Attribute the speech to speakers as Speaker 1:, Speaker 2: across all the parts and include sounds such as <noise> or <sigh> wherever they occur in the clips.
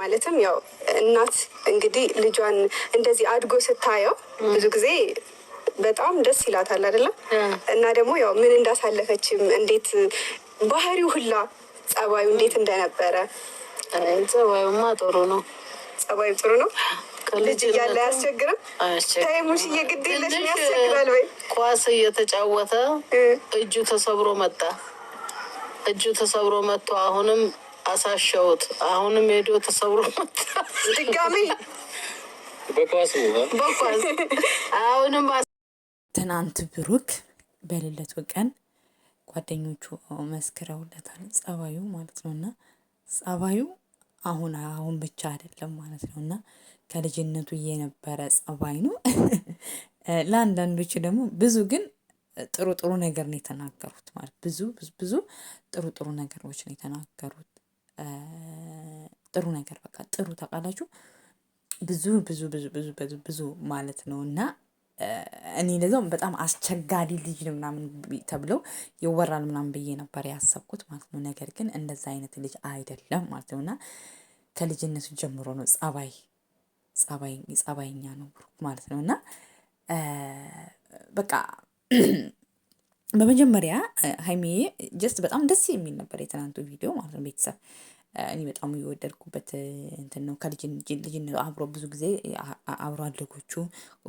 Speaker 1: ማለትም ያው እናት እንግዲህ ልጇን እንደዚህ አድጎ ስታየው ብዙ ጊዜ በጣም ደስ ይላታል አይደለም። እና ደግሞ ያው ምን እንዳሳለፈችም እንዴት ባህሪው ሁላ ጸባዩ እንዴት እንደነበረ
Speaker 2: ጸባዩማ ጥሩ ነው።
Speaker 1: ጸባዩ ጥሩ ነው። ልጅ እያለ አያስቸግርም። ታይሙሽ ግድ ያስቸግራል ወይ?
Speaker 2: ኳስ እየተጫወተ እጁ ተሰብሮ መጣ። እጁ ተሰብሮ መጥቶ አሁንም አሳሻውት አሁንም ሄዶ ተሰብሮ ድጋሚ በኳስ አሁንም ትናንት ብሩክ በሌለት ቀን ጓደኞቹ መስክረውለታል። ጸባዩ ማለት ነው እና ጸባዩ አሁን አሁን ብቻ አይደለም ማለት ነው እና ከልጅነቱ የነበረ ጸባይ ነው። <laughs> ለአንዳንዶች ደግሞ ብዙ ግን ጥሩ ጥሩ ነገር ነው የተናገሩት ማለት ብዙ ብዙ ጥሩ ጥሩ ነገሮች ነው የተናገሩት። ጥሩ ነገር በቃ ጥሩ ታውቃላችሁ፣ ብዙ ብዙ ብዙ ብዙ ብዙ ብዙ ማለት ነው እና እኔ ለዛውም በጣም አስቸጋሪ ልጅ ነው ምናምን ተብለው ይወራል ምናምን ብዬ ነበር ያሰብኩት ማለት ነው። ነገር ግን እንደዛ አይነት ልጅ አይደለም ማለት ነው እና ከልጅነቱ ጀምሮ ነው ጸባይ ጸባይ ጸባይኛ ነው ማለት ነው እና በቃ <clears throat> በመጀመሪያ ሀይሚዬ ጀስት በጣም ደስ የሚል ነበር የትናንቱ ቪዲዮ ማለት ነው ቤተሰብ እኔ በጣም የወደድኩበት እንትን ነው። ከልጅ አብሮ ብዙ ጊዜ አብሮ አደጎቹ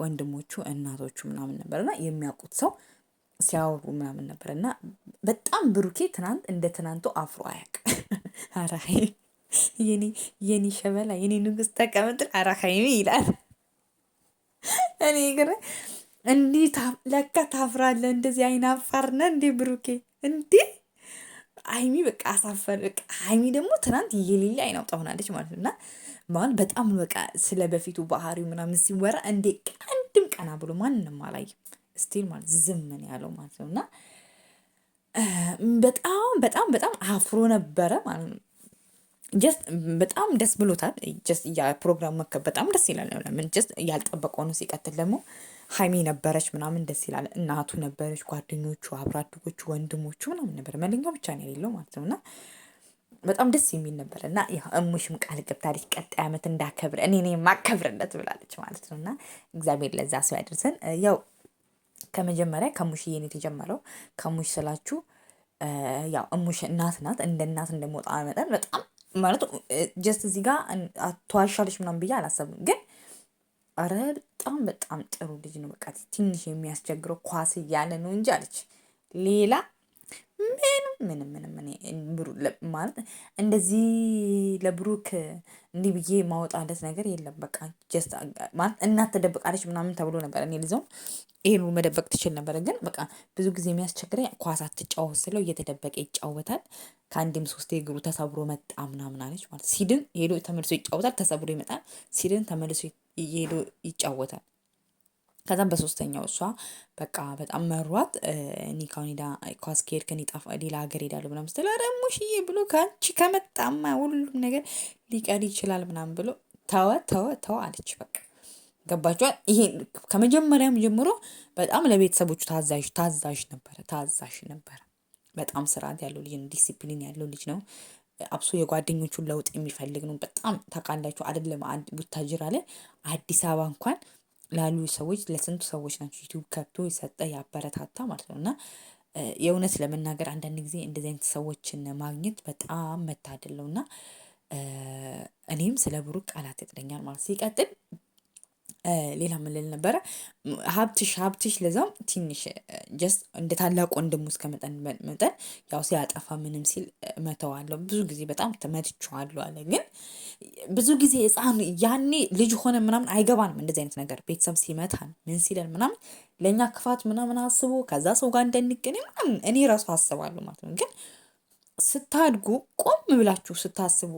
Speaker 2: ወንድሞቹ እናቶቹ ምናምን ነበር እና የሚያውቁት ሰው ሲያወሩ ምናምን ነበር እና በጣም ብሩኬ ትናንት እንደ ትናንቱ አፍሮ አያውቅም። <laughs> ኧረ የኔ የኔ ሸበላ የኔ ንጉስ ተቀምጥል ኧረ ይላል። <laughs> እኔ ግን እንዲህ ለካ ታፍራለህ እንደዚህ አይናፋር ነህ እንዴ ብሩኬ እንዴ አይሚ በቃ አሳፈር በቃ ሀይሚ ደግሞ ትናንት የሌለ አይን አውጣ ሆናለች ማለት ነው እና ማለት በጣም በቃ ስለ በፊቱ ባህሪ ምናምን ሲወራ እንዴ አንድም ቀና ብሎ ማንም አላየም። ስቲል ማለት ዝም ነው ያለው ማለት ነው እና በጣም በጣም በጣም አፍሮ ነበረ ማለት ነው። ጀስት በጣም ደስ ብሎታል። ጀስት የፕሮግራሙ መከብ በጣም ደስ ይላል። ለምን ጀስት ያልጠበቀው ነው። ሲቀጥል ደግሞ ሀይሜ ነበረች ምናምን ደስ ይላል። እናቱ ነበረች፣ ጓደኞቹ፣ አብሮ አደጎቹ፣ ወንድሞቹ ምናምን ነበር። መለኛው ብቻ ነው የሌለው ማለት ነው እና በጣም ደስ የሚል ነበር እና እሙሽም ቃል ገብታለች ቀጣይ ዓመት እንዳከብር እኔ እኔ ማከብርለት ብላለች ማለት ነው እና እግዚአብሔር ለዛ ሰው ያደርሰን። ያው ከመጀመሪያ ከሙሽ ነው የተጀመረው። ከሙሽ ስላችሁ ያው እሙሽ እናት ናት። እንደ እናት እንደመውጣ መጠን በጣም ማለት ጀስት እዚህ ጋር ተዋሻለች ምናምን ብዬ አላሰብም። ግን አረ በጣም በጣም ጥሩ ልጅ ነው። በቃ ትንሽ የሚያስቸግረው ኳስ እያለ ነው እንጂ አለች። ሌላ ምንም ምንም ምንም ማለት እንደዚህ ለብሩክ እንዲህ ብዬ ማወጣለት ነገር የለም። በቃ ጀስት ማለት እናት ተደብቃለች ምናምን ተብሎ ነበር። እኔ ልዘውን ይሄን መደበቅ ትችል ነበረ፣ ግን በቃ ብዙ ጊዜ የሚያስቸግረኝ ኳስ አትጫወት ስለው እየተደበቀ ይጫወታል። ከአንድም ሶስት እግሩ ተሰብሮ መጣ ምናምን አለች ማለት ሲድን ሄዶ ተመልሶ ይጫወታል። ተሰብሮ ይመጣል። ሲድን ተመልሶ ሄዶ ይጫወታል። ከዛም በሶስተኛው እሷ በቃ በጣም መሯት። እኔ ካሁን ሄዳ ኳስ ከሄድክ እኔ ጣፋ ሌላ ሀገር ሄዳለሁ ምናምን ስትል ኧረ እሙሽዬ ብሎ ከአንቺ ከመጣማ ሁሉም ነገር ሊቀር ይችላል ምናምን ብሎ ተወ ተወ ተወ አለች። በቃ ገባችኋል? ይሄ ከመጀመሪያም ጀምሮ በጣም ለቤተሰቦቹ ታዛዥ ታዛዥ ነበረ ታዛዥ ነበረ። በጣም ስርዓት ያለው ልጅ ነው። ዲሲፕሊን ያለው ልጅ ነው። አብሶ የጓደኞቹን ለውጥ የሚፈልግ ነው። በጣም ታውቃላችሁ አይደለም? ቡታጅራ ላይ አዲስ አበባ እንኳን ላሉ ሰዎች ለስንቱ ሰዎች ናቸው ዩቱብ ከብቶ የሰጠ ያበረታታ ማለት ነው። እና የእውነት ለመናገር አንዳንድ ጊዜ እንደዚህ አይነት ሰዎችን ማግኘት በጣም መታደለው እና እኔም ስለ ብሩክ ቃላት ይጥለኛል ማለት ሲቀጥል ሌላ ምን ነበረ? ሀብትሽ ሀብትሽ ለዛም ትንሽ ጀስት እንደ ታላቅ ወንድሙ እስከ መጠን መጠን ያው ሲያጠፋ ምንም ሲል መተዋለሁ። ብዙ ጊዜ በጣም ተመትቼዋለሁ አለ። ግን ብዙ ጊዜ ህፃን ያኔ ልጅ ሆነ ምናምን አይገባንም እንደዚህ አይነት ነገር ቤተሰብ ሲመታን ምን ሲለን ምናምን ለእኛ ክፋት ምናምን አስቦ ከዛ ሰው ጋር እንደንገኝ ምናምን እኔ ራሱ አስባለሁ ማለት ነው ግን ስታድጉ ቆም ብላችሁ ስታስቡ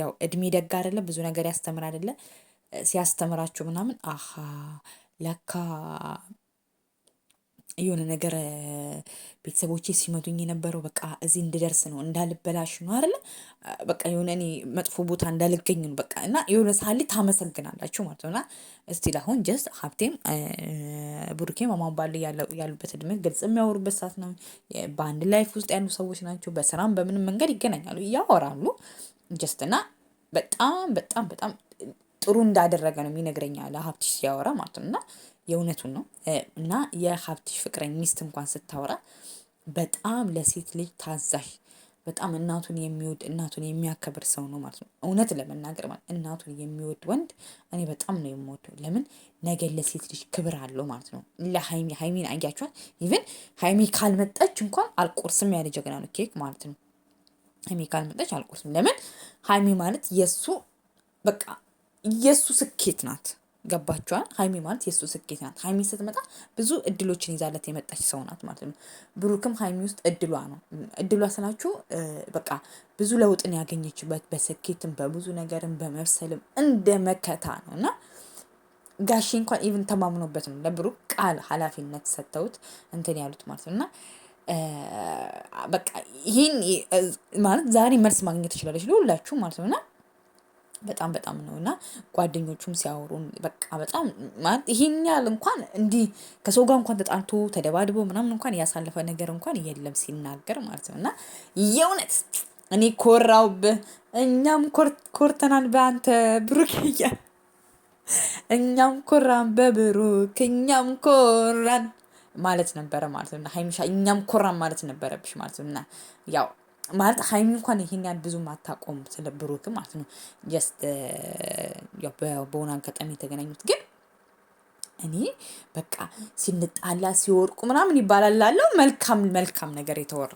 Speaker 2: ያው እድሜ ደግ አይደለ? ብዙ ነገር ያስተምር አይደለ? ሲያስተምራቸው ምናምን አሃ ለካ የሆነ ነገር ቤተሰቦቼ ሲመቱኝ የነበረው በቃ እዚህ እንድደርስ ነው እንዳልበላሽ ነው አይደለ? በቃ የሆነ እኔ መጥፎ ቦታ እንዳልገኝ ነው በቃ እና የሆነ ሳሊ ታመሰግናላችሁ ማለት ነው። እና እስቲል አሁን ጀስት ሀብቴም ብሩኬም አሁን ባለ ያሉበት እድሜ ግልጽ የሚያወሩበት ሰዓት ነው። በአንድ ላይፍ ውስጥ ያሉ ሰዎች ናቸው። በስራም በምንም መንገድ ይገናኛሉ፣ ያወራሉ። ጀስት እና በጣም በጣም በጣም ጥሩ እንዳደረገ ነው የሚነግረኛ ለሀብትሽ ሲያወራ ማለት ነው። እና የእውነቱን ነው እና የሀብትሽ ፍቅረኛ ሚስት እንኳን ስታወራ በጣም ለሴት ልጅ ታዛዥ በጣም እናቱን የሚወድ እናቱን የሚያከብር ሰው ነው ማለት ነው። እውነት ለመናገር ማለት እናቱን የሚወድ ወንድ እኔ በጣም ነው የምወደው። ለምን ነገ ለሴት ልጅ ክብር አለው ማለት ነው። ለሀይሚ ሀይሚን አያችኋል። ኢቨን ሀይሚ ካልመጣች እንኳን አልቆርስም ያለ ጀግና ነው ኬክ ማለት ነው። ሀይሚ ካልመጣች አልቆርስም። ለምን ሀይሚ ማለት የእሱ በቃ የእሱ ስኬት ናት። ገባችኋል? ሀይሚ ማለት የእሱ ስኬት ናት። ሀይሚ ስትመጣ ብዙ እድሎችን ይዛለት የመጣች ሰው ናት ማለት ነው። ብሩክም ሀይሚ ውስጥ እድሏ ነው። እድሏ ስላችሁ በቃ ብዙ ለውጥን ያገኘችበት በስኬትም በብዙ ነገርም በመብሰልም እንደ መከታ ነው እና ጋሺ እንኳን ኢቭን ተማምኖበት ነው ለብሩክ ቃል ኃላፊነት ሰጥተውት እንትን ያሉት ማለት ነው እና በቃ ይህን ማለት ዛሬ መልስ ማግኘት ትችላለች ለሁላችሁ ማለት ነው እና በጣም በጣም ነው እና ጓደኞቹም ሲያወሩ በቃ በጣም ማለት ይሄን ያህል እንኳን እንዲህ ከሰው ጋር እንኳን ተጣልቶ ተደባድቦ ምናምን እንኳን ያሳለፈ ነገር እንኳን የለም ሲናገር ማለት ነው። እና የእውነት እኔ ኮራውብህ፣ እኛም ኮርተናል በአንተ ብሩክ እያ እኛም ኮራን በብሩክ እኛም ኮራን ማለት ነበረ ማለት ነው። ሀይሚሻ እኛም ኮራን ማለት ነበረብሽ ማለት ነው። ያው ማለት ሀይሚ እንኳን ይሄን ያህል ብዙም አታቆም ስለ ብሩክ ማለት ነው። ጀስት uh, በሆነ አጋጣሚ የተገናኙት ግን እኔ በቃ ሲንጣላ ሲወድቁ ምናምን ይባላል ላለው መልካም መልካም ነገር የተወራ